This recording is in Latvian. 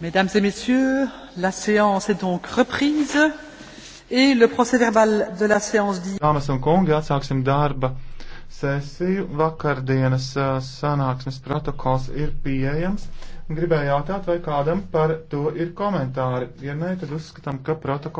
Mesdames et messieurs, la séance est donc reprise et le procès-verbal de la séance d'hier. Dāmas un kungi, atsāksim darba sesiju. Vakardienas sanāksmes protokols ir pieejams. Gribēju jautāt, vai kādam par to ir komentāri. Ja nē, tad uzskatām, ka protokols.